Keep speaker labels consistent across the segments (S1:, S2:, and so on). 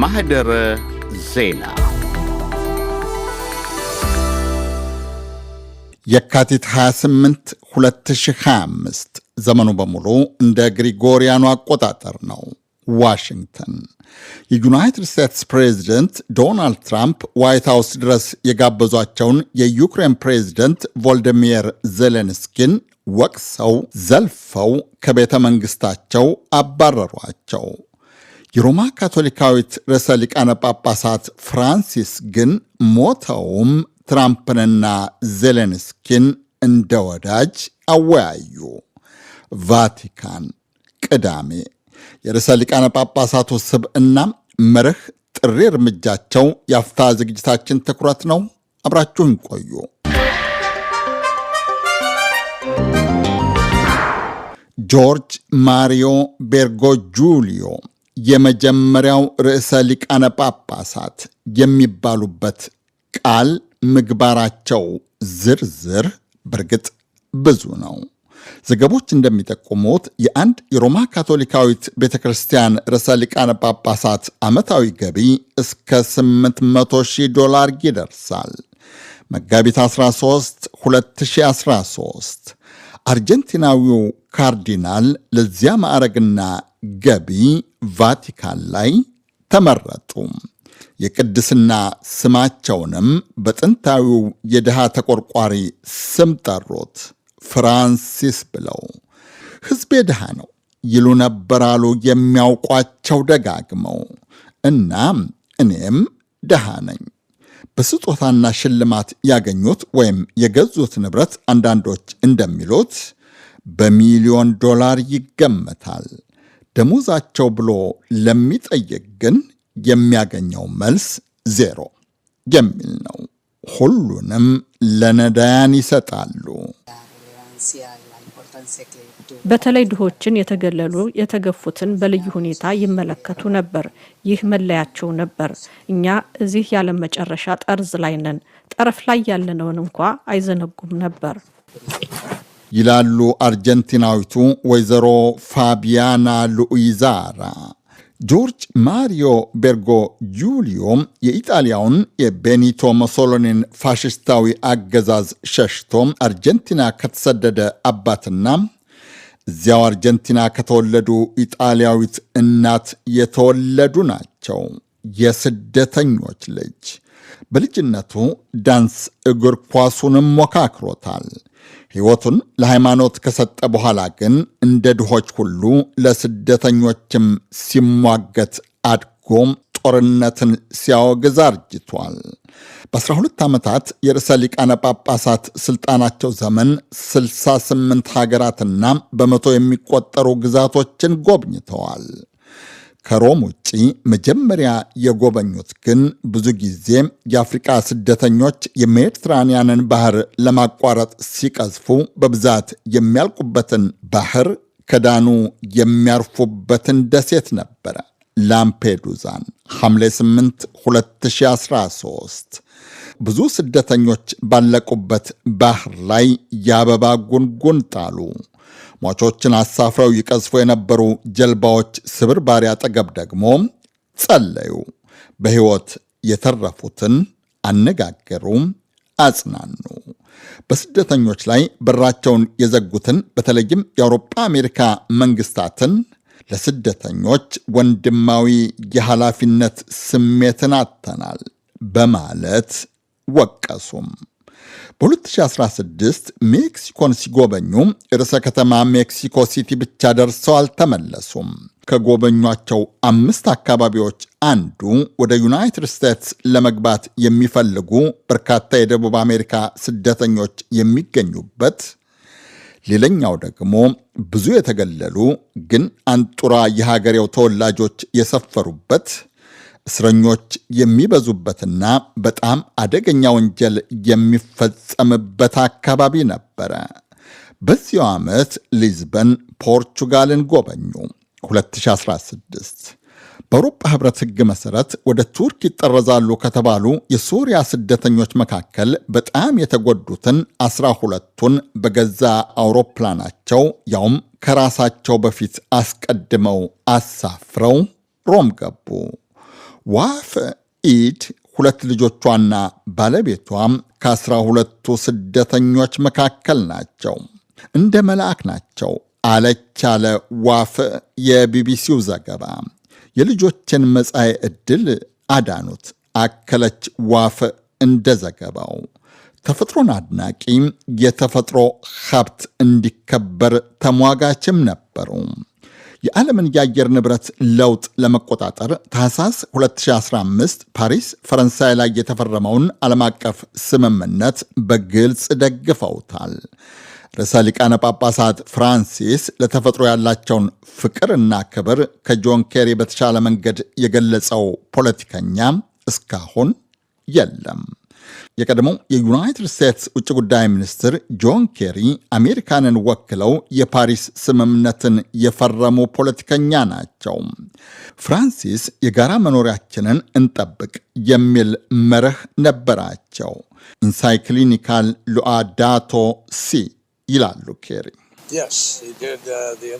S1: ማህደረ ዜና የካቲት 28 2025 ዘመኑ በሙሉ እንደ ግሪጎሪያኑ አቆጣጠር ነው። ዋሽንግተን የዩናይትድ ስቴትስ ፕሬዚደንት ዶናልድ ትራምፕ ዋይት ሃውስ ድረስ የጋበዟቸውን የዩክሬን ፕሬዚደንት ቮልዲሚር ዜሌንስኪን ወቅሰው ዘልፈው ከቤተ መንግስታቸው አባረሯቸው። የሮማ ካቶሊካዊት ርዕሰ ሊቃነ ጳጳሳት ፍራንሲስ ግን ሞተውም ትራምፕንና ዜሌንስኪን እንደ ወዳጅ አወያዩ። ቫቲካን ቅዳሜ የርዕሰ ሊቃነ ጳጳሳቱ ስብዕና መርህ ጥሪ እርምጃቸው የአፍታ ዝግጅታችን ትኩረት ነው። አብራችሁን ቆዩ። ጆርጅ ማሪዮ ቤርጎጁሊዮ የመጀመሪያው ርዕሰ ሊቃነ ጳጳሳት የሚባሉበት ቃል ምግባራቸው ዝርዝር በእርግጥ ብዙ ነው። ዘገቦች እንደሚጠቁሙት የአንድ የሮማ ካቶሊካዊት ቤተ ክርስቲያን ርዕሰ ሊቃነ ጳጳሳት ዓመታዊ ገቢ እስከ 800 ሺህ ዶላር ይደርሳል። መጋቢት 13 2013 አርጀንቲናዊው ካርዲናል ለዚያ ማዕረግና ገቢ ቫቲካን ላይ ተመረጡ። የቅድስና ስማቸውንም በጥንታዊው የድሃ ተቆርቋሪ ስም ጠሩት፣ ፍራንሲስ ብለው። ሕዝቤ ድሃ ነው ይሉ ነበራሉ የሚያውቋቸው ደጋግመው። እናም እኔም ድሃ ነኝ በስጦታና ሽልማት ያገኙት ወይም የገዙት ንብረት አንዳንዶች እንደሚሉት በሚሊዮን ዶላር ይገመታል። ደሞዛቸው ብሎ ለሚጠይቅ ግን የሚያገኘው መልስ ዜሮ የሚል ነው። ሁሉንም ለነዳያን ይሰጣሉ።
S2: በተለይ ድሆችን፣ የተገለሉ፣ የተገፉትን በልዩ ሁኔታ ይመለከቱ ነበር። ይህ መለያቸው ነበር። እኛ እዚህ ያለመጨረሻ መጨረሻ ጠርዝ ላይ ነን። ጠረፍ ላይ ያለነውን እንኳ አይዘነጉም ነበር
S1: ይላሉ አርጀንቲናዊቱ ወይዘሮ ፋቢያና ሉኢዛራ። ጆርጅ ማሪዮ ቤርጎ ጁሊዮ የኢጣሊያውን የቤኒቶ ሞሶሎኒን ፋሽስታዊ አገዛዝ ሸሽቶ አርጀንቲና ከተሰደደ አባትና እዚያው አርጀንቲና ከተወለዱ ኢጣሊያዊት እናት የተወለዱ ናቸው። የስደተኞች ልጅ በልጅነቱ ዳንስ እግር ኳሱንም ሞካክሮታል። ሕይወቱን ለሃይማኖት ከሰጠ በኋላ ግን እንደ ድሆች ሁሉ ለስደተኞችም ሲሟገት አድጎም ጦርነትን ሲያወግዝ አርጅቷል። በ12 ዓመታት የርዕሰ ሊቃነ ጳጳሳት ሥልጣናቸው ዘመን 68 ሀገራትና በመቶ የሚቆጠሩ ግዛቶችን ጎብኝተዋል። ከሮም ውጪ መጀመሪያ የጎበኙት ግን ብዙ ጊዜ የአፍሪቃ ስደተኞች የሜዲትራንያንን ባህር ለማቋረጥ ሲቀዝፉ በብዛት የሚያልቁበትን ባህር ከዳኑ የሚያርፉበትን ደሴት ነበረ። ላምፔዱዛን ሐምሌ 8 2013 ብዙ ስደተኞች ባለቁበት ባህር ላይ የአበባ ጉንጉን ጣሉ። ሟቾችን አሳፍረው ይቀዝፉ የነበሩ ጀልባዎች ስብርባሪ አጠገብ ደግሞ ጸለዩ። በሕይወት የተረፉትን አነጋገሩ፣ አጽናኑ። በስደተኞች ላይ በራቸውን የዘጉትን በተለይም የአውሮፓ አሜሪካ መንግስታትን ለስደተኞች ወንድማዊ የኃላፊነት ስሜትን አጥተናል በማለት ወቀሱም። በ2016 ሜክሲኮን ሲጎበኙ ርዕሰ ከተማ ሜክሲኮ ሲቲ ብቻ ደርሰው አልተመለሱም። ከጎበኟቸው አምስት አካባቢዎች አንዱ ወደ ዩናይትድ ስቴትስ ለመግባት የሚፈልጉ በርካታ የደቡብ አሜሪካ ስደተኞች የሚገኙበት ሌላኛው ደግሞ ብዙ የተገለሉ ግን አንጡራ የሀገሬው ተወላጆች የሰፈሩበት እስረኞች የሚበዙበትና በጣም አደገኛ ወንጀል የሚፈጸምበት አካባቢ ነበረ። በዚያው ዓመት ሊዝበን ፖርቹጋልን ጎበኙ። 2016 በአውሮፓ ህብረት ህግ መሰረት ወደ ቱርክ ይጠረዛሉ ከተባሉ የሱሪያ ስደተኞች መካከል በጣም የተጎዱትን አስራ ሁለቱን በገዛ አውሮፕላናቸው ያውም ከራሳቸው በፊት አስቀድመው አሳፍረው ሮም ገቡ። ዋፍ ኢድ ሁለት ልጆቿና ባለቤቷ ከአስራ ሁለቱ ስደተኞች መካከል ናቸው። እንደ መልአክ ናቸው አለች ያለ ዋፍ የቢቢሲው ዘገባ። የልጆችን መጻኤ ዕድል አዳኑት አከለች ዋፍ እንደ ዘገባው። ተፈጥሮን አድናቂ የተፈጥሮ ሀብት እንዲከበር ተሟጋችም ነበሩ። የዓለምን የአየር ንብረት ለውጥ ለመቆጣጠር ታህሳስ 2015 ፓሪስ ፈረንሳይ ላይ የተፈረመውን ዓለም አቀፍ ስምምነት በግልጽ ደግፈውታል። ርዕሰ ሊቃነ ጳጳሳት ፍራንሲስ ለተፈጥሮ ያላቸውን ፍቅርና ክብር ከጆን ኬሪ በተሻለ መንገድ የገለጸው ፖለቲከኛ እስካሁን የለም። የቀድሞው የዩናይትድ ስቴትስ ውጭ ጉዳይ ሚኒስትር ጆን ኬሪ አሜሪካንን ወክለው የፓሪስ ስምምነትን የፈረሙ ፖለቲከኛ ናቸው። ፍራንሲስ የጋራ መኖሪያችንን እንጠብቅ የሚል መርህ ነበራቸው። ኢንሳይክሊኒካል ሉአዳቶ ሲ ይላሉ ኬሪ። Uh, uh,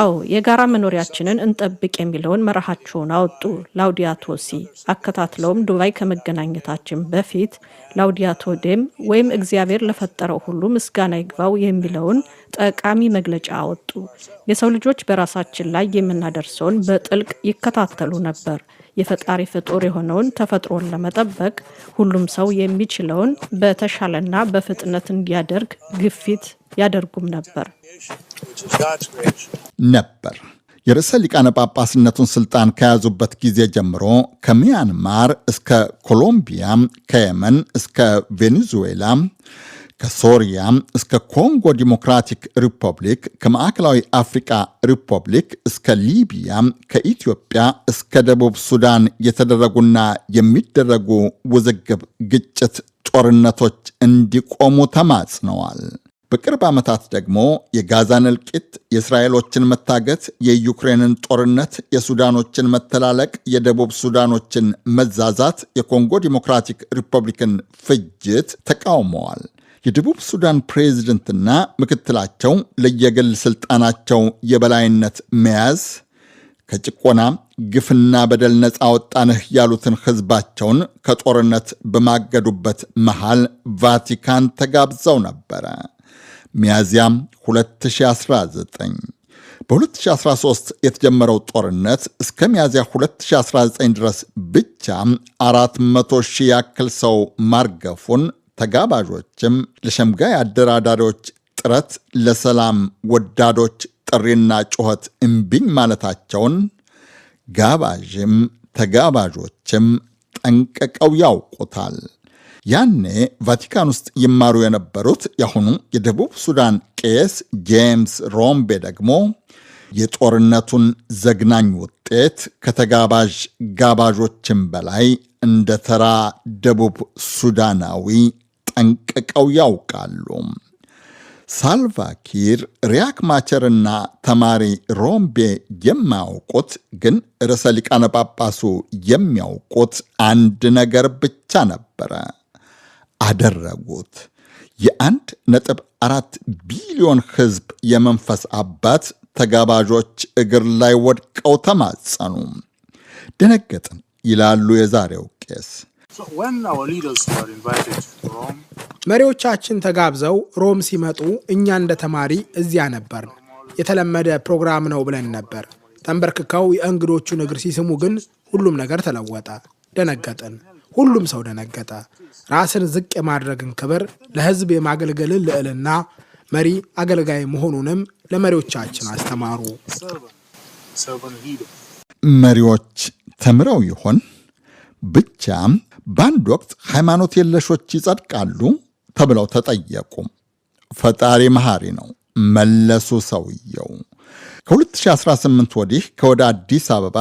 S2: አዎ የጋራ መኖሪያችንን እንጠብቅ የሚለውን መርሃቸውን አወጡ። ላውዲያቶ ሲ አከታትለውም ዱባይ ከመገናኘታችን በፊት ላውዲያቶ ዴም ወይም እግዚአብሔር ለፈጠረው ሁሉ ምስጋና ይግባው የሚለውን ጠቃሚ መግለጫ አወጡ። የሰው ልጆች በራሳችን ላይ የምናደርሰውን በጥልቅ ይከታተሉ ነበር። የፈጣሪ ፍጡር የሆነውን ተፈጥሮን ለመጠበቅ ሁሉም ሰው የሚችለውን በተሻለና በፍጥነት እንዲያደርግ ግፊት ያደርጉም ነበር
S1: ነበር የርዕሰ ሊቃነ ጳጳስነቱን ስልጣን ከያዙበት ጊዜ ጀምሮ ከሚያንማር እስከ ኮሎምቢያ፣ ከየመን እስከ ቬኔዙዌላ፣ ከሶሪያ እስከ ኮንጎ ዲሞክራቲክ ሪፐብሊክ፣ ከማዕከላዊ አፍሪቃ ሪፐብሊክ እስከ ሊቢያ፣ ከኢትዮጵያ እስከ ደቡብ ሱዳን የተደረጉና የሚደረጉ ውዝግብ፣ ግጭት፣ ጦርነቶች እንዲቆሙ ተማጽነዋል። በቅርብ ዓመታት ደግሞ የጋዛን እልቂት፣ የእስራኤሎችን መታገት፣ የዩክሬንን ጦርነት፣ የሱዳኖችን መተላለቅ፣ የደቡብ ሱዳኖችን መዛዛት፣ የኮንጎ ዲሞክራቲክ ሪፐብሊክን ፍጅት ተቃውመዋል። የደቡብ ሱዳን ፕሬዝደንትና ምክትላቸው ለየግል ስልጣናቸው የበላይነት መያዝ ከጭቆና ግፍና በደል ነፃ ወጣንህ ያሉትን ሕዝባቸውን ከጦርነት በማገዱበት መሃል ቫቲካን ተጋብዘው ነበረ። ሚያዚያም 2019 በ2013 የተጀመረው ጦርነት እስከ ሚያዚያ 2019 ድረስ ብቻ 400 ሺህ ያክል ሰው ማርገፉን ተጋባዦችም ለሸምጋይ አደራዳሪዎች ጥረት ለሰላም ወዳዶች ጥሪና ጩኸት እምቢኝ ማለታቸውን ጋባዥም ተጋባዦችም ጠንቅቀው ያውቁታል። ያኔ ቫቲካን ውስጥ ይማሩ የነበሩት የአሁኑ የደቡብ ሱዳን ቄስ ጄምስ ሮምቤ ደግሞ የጦርነቱን ዘግናኝ ውጤት ከተጋባዥ ጋባዦችን በላይ እንደ ተራ ደቡብ ሱዳናዊ ጠንቅቀው ያውቃሉ። ሳልቫኪር ሪያክ ማቸርና ተማሪ ሮምቤ የማያውቁት ግን ርዕሰ ሊቃነ ጳጳሱ የሚያውቁት አንድ ነገር ብቻ ነበረ። አደረጉት። የአንድ ነጥብ አራት ቢሊዮን ህዝብ የመንፈስ አባት ተጋባዦች እግር ላይ ወድቀው ተማጸኑ። ደነገጥን ይላሉ የዛሬው ቄስ።
S2: መሪዎቻችን ተጋብዘው ሮም ሲመጡ እኛ እንደ ተማሪ እዚያ ነበር የተለመደ ፕሮግራም ነው ብለን ነበር። ተንበርክከው የእንግዶቹን እግር ሲስሙ ግን ሁሉም ነገር ተለወጠ። ደነገጥን። ሁሉም ሰው ደነገጠ። ራስን ዝቅ የማድረግን ክብር፣ ለህዝብ የማገልገልን ልዕልና፣ መሪ አገልጋይ መሆኑንም ለመሪዎቻችን አስተማሩ።
S1: መሪዎች ተምረው ይሆን? ብቻ በአንድ ወቅት ሃይማኖት የለሾች ይጸድቃሉ ተብለው ተጠየቁ። ፈጣሪ መሐሪ ነው መለሱ ሰውየው። ከ2018 ወዲህ ከወደ አዲስ አበባ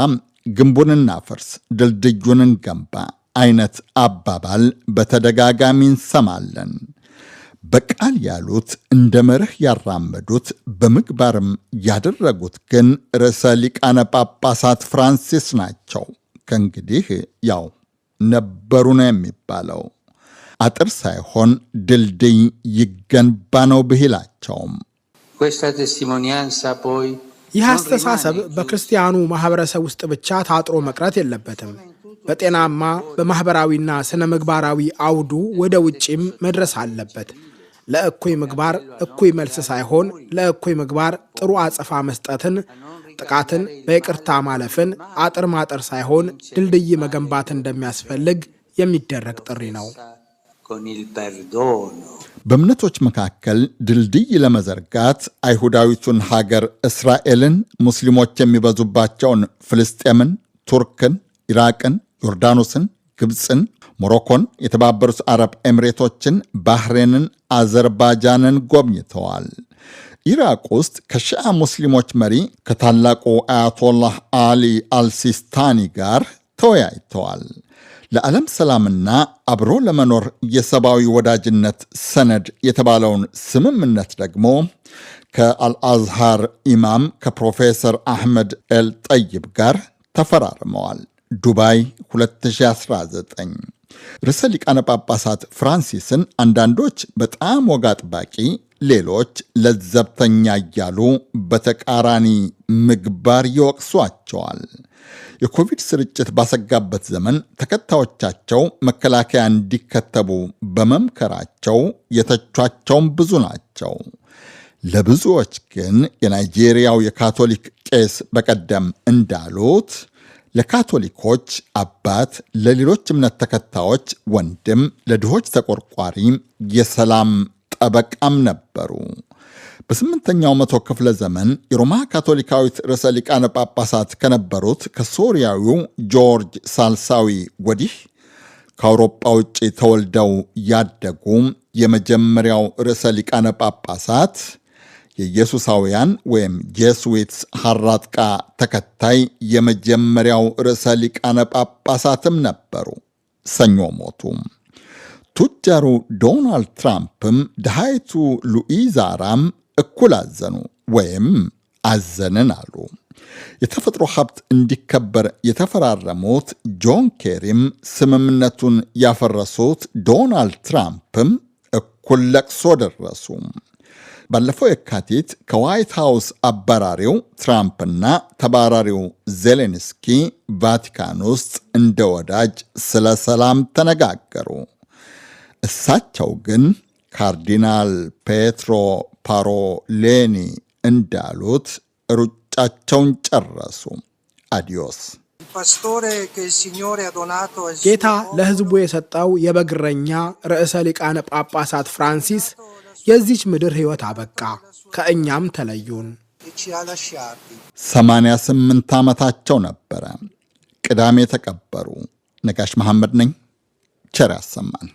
S1: ግንቡን እናፍርስ ድልድዩን እንገንባ አይነት አባባል በተደጋጋሚ እንሰማለን። በቃል ያሉት እንደ መርህ ያራመዱት በምግባርም ያደረጉት ግን ርዕሰ ሊቃነ ጳጳሳት ፍራንሲስ ናቸው። ከእንግዲህ ያው ነበሩ ነው የሚባለው። አጥር ሳይሆን ድልድይ ይገንባ ነው ብሂላቸውም።
S2: ይህ አስተሳሰብ በክርስቲያኑ ማህበረሰብ ውስጥ ብቻ ታጥሮ መቅረት የለበትም። በጤናማ በማኅበራዊና ስነ ምግባራዊ አውዱ ወደ ውጪም መድረስ አለበት። ለእኩይ ምግባር እኩይ መልስ ሳይሆን ለእኩይ ምግባር ጥሩ አጸፋ መስጠትን፣ ጥቃትን በይቅርታ ማለፍን፣ አጥር ማጠር ሳይሆን ድልድይ መገንባት እንደሚያስፈልግ የሚደረግ ጥሪ ነው።
S1: በእምነቶች መካከል ድልድይ ለመዘርጋት አይሁዳዊቱን ሀገር እስራኤልን፣ ሙስሊሞች የሚበዙባቸውን ፍልስጤምን፣ ቱርክን፣ ኢራቅን ዮርዳኖስን፣ ግብፅን፣ ሞሮኮን፣ የተባበሩት አረብ ኤምሬቶችን፣ ባህሬንን፣ አዘርባጃንን ጎብኝተዋል። ኢራቅ ውስጥ ከሺአ ሙስሊሞች መሪ ከታላቁ አያቶላህ አሊ አልሲስታኒ ጋር ተወያይተዋል። ለዓለም ሰላምና አብሮ ለመኖር የሰብአዊ ወዳጅነት ሰነድ የተባለውን ስምምነት ደግሞ ከአልአዝሃር ኢማም ከፕሮፌሰር አሕመድ ኤል ጠይብ ጋር ተፈራርመዋል። ዱባይ 2019 ርዕሰ ሊቃነ ጳጳሳት ፍራንሲስን አንዳንዶች በጣም ወግ አጥባቂ፣ ሌሎች ለዘብተኛ እያሉ በተቃራኒ ምግባር ይወቅሷቸዋል። የኮቪድ ስርጭት ባሰጋበት ዘመን ተከታዮቻቸው መከላከያ እንዲከተቡ በመምከራቸው የተቿቸውም ብዙ ናቸው። ለብዙዎች ግን የናይጄሪያው የካቶሊክ ቄስ በቀደም እንዳሉት ለካቶሊኮች አባት፣ ለሌሎች እምነት ተከታዮች ወንድም፣ ለድሆች ተቆርቋሪ የሰላም ጠበቃም ነበሩ። በስምንተኛው መቶ ክፍለ ዘመን የሮማ ካቶሊካዊት ርዕሰ ሊቃነ ጳጳሳት ከነበሩት ከሶሪያዊው ጆርጅ ሳልሳዊ ወዲህ ከአውሮጳ ውጭ ተወልደው ያደጉ የመጀመሪያው ርዕሰ ሊቃነ ጳጳሳት የኢየሱሳውያን ወይም ጄስዊትስ ሐራጥቃ ተከታይ የመጀመሪያው ርዕሰ ሊቃነ ጳጳሳትም ነበሩ። ሰኞ ሞቱ። ቱጃሩ ዶናልድ ትራምፕም ድሃይቱ ሉኢዛራም እኩል አዘኑ ወይም አዘንን አሉ። የተፈጥሮ ሀብት እንዲከበር የተፈራረሙት ጆን ኬሪም ስምምነቱን ያፈረሱት ዶናልድ ትራምፕም እኩል ለቅሶ ደረሱ። ባለፈው የካቲት ከዋይት ሃውስ አባራሪው ትራምፕና ተባራሪው ዜሌንስኪ ቫቲካን ውስጥ እንደ ወዳጅ ስለ ሰላም ተነጋገሩ። እሳቸው ግን ካርዲናል ፔትሮ ፓሮሌኒ እንዳሉት ሩጫቸውን ጨረሱ። አዲዮስ።
S2: ጌታ ለሕዝቡ የሰጠው የበግረኛ ርዕሰ ሊቃነ ጳጳሳት ፍራንሲስ የዚች ምድር ሕይወት አበቃ፣ ከእኛም ተለዩን።
S1: ሰማንያ ዓመታቸው ነበረ። ቅዳሜ ተቀበሩ። ነጋሽ መሐመድ ነኝ። ቸር ያሰማን።